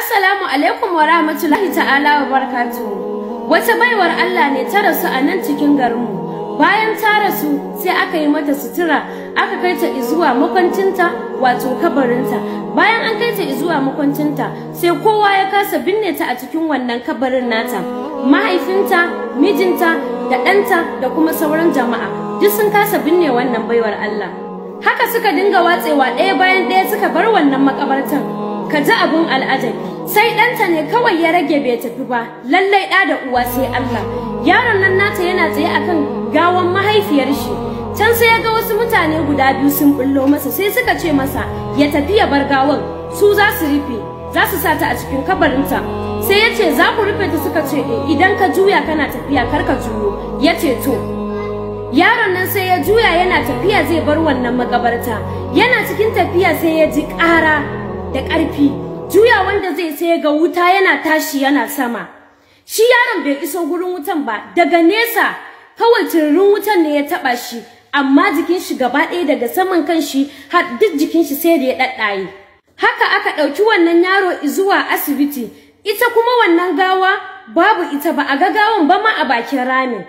Assalamu alaikum wa rahmatullahi ta'ala wa barakatuhu. Wata baiwar Allah ne ta rasu a nan cikin garinmu. Bayan ta rasu sai aka yi mata sutura aka kai ta zuwa makwancinta wato kabarinta. Bayan an kai ta zuwa makwancinta sai kowa ya kasa binne ta a cikin wannan kabarin nata. Mahaifinta, mijinta, da ɗanta da kuma sauran jama'a duk sun kasa binne wannan baiwar Allah. Haka suka dinga watsewa ɗaya bayan ɗaya suka bar wannan makabartan. ka ji abun al'ajabi sai ɗanta ne kawai ya rage bai tafi ba lallai ɗa da uwa sai Allah yaron nan nata yana tsaye akan gawan mahaifiyar shi can sai ya ga wasu mutane guda biyu sun bullo masa sai suka ce masa ya tafi ya bar gawan su za su rufe za su sa ta a cikin kabarinta sai ya ce za ku rufe ta suka ce eh, idan ka juya kana tafiya kar ka juyo ya ce to yaron nan sai ya juya yana tafiya zai bar wannan makabarta yana cikin tafiya sai ya ji ƙara da ƙarfi juya wanda zai sai ga wuta yana tashi yana sama shi yaron bai iso gurin wutan ba daga nesa kawai tururin wutan ne ya taba shi amma jikin shi gaba ɗaya daga saman kan shi har duk jikin shi sai da ya ɗaɗɗaye haka aka ɗauki wannan yaro zuwa asibiti ita kuma wannan gawa babu ita ba a ga gawan ba ma a bakin rami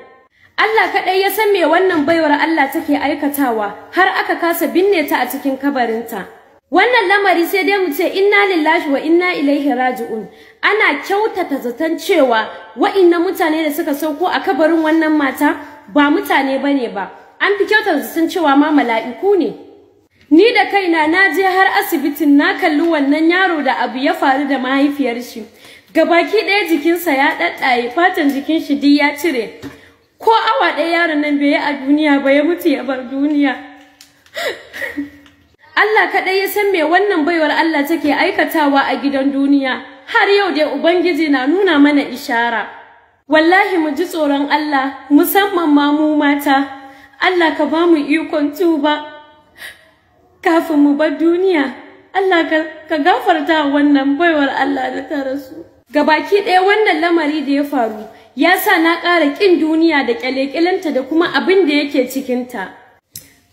Allah kaɗai ya san me wannan baiwar Allah take aikatawa har aka kasa binne ta a cikin kabarinta. Wannan lamari sai dai mu ce inna lillahi wa inna ilaihi raji'un. Ana kyautata zaton cewa wa'inna mutane da suka sauko a kabarin wannan mata ba mutane bane ba. An fi kyautata zaton cewa ma mala'iku ne. Ni da kaina na je har asibitin na kalli wannan yaro da abu ya faru da mahaifiyar shi. Gabaki ɗaya jikinsa ya ɗaɗɗaye fatan jikin shi duk ya cire. Ko awa ɗaya yaron nan bai yi a duniya ba ya mutu ya bar duniya. Allah kaɗai ya san me wannan baiwar Allah take aikatawa a gidan duniya har yau dai Ubangiji na nuna mana ishara. Wallahi mu ji tsoron Allah musamman ma mu mata, Allah ka ba mu ikon tuba kafin mu bar duniya. Allah ka gafarta wannan baiwar Allah da ta rasu. Gabaki ɗaya wannan lamari da ya faru ya sa na ƙara ƙin duniya da ƙyale ta da kuma abin da yake cikinta.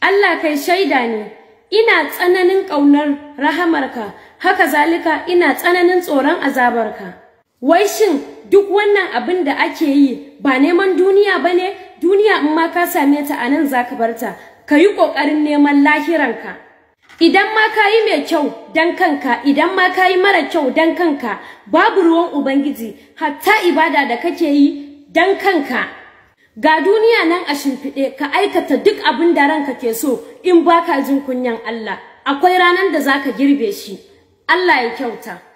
Allah kai shaida ne, ina tsananin ƙaunar rahamarka haka zalika ina tsananin tsoron azabarka wai shin duk wannan abin da ake yi ba neman duniya ba ne duniya in ma ka same ta a nan za ka bar ta ka yi ƙoƙarin neman lahiranka idan ma ka yi mai kyau don kanka idan ma ka yi mara kyau don kanka babu ruwan ubangiji hatta ibada da kake yi don kanka ga duniya nan a shimfiɗe ka aikata duk abin da ranka ke so in baka jin kunyan Allah akwai ranar da zaka girbe shi Allah ya kyauta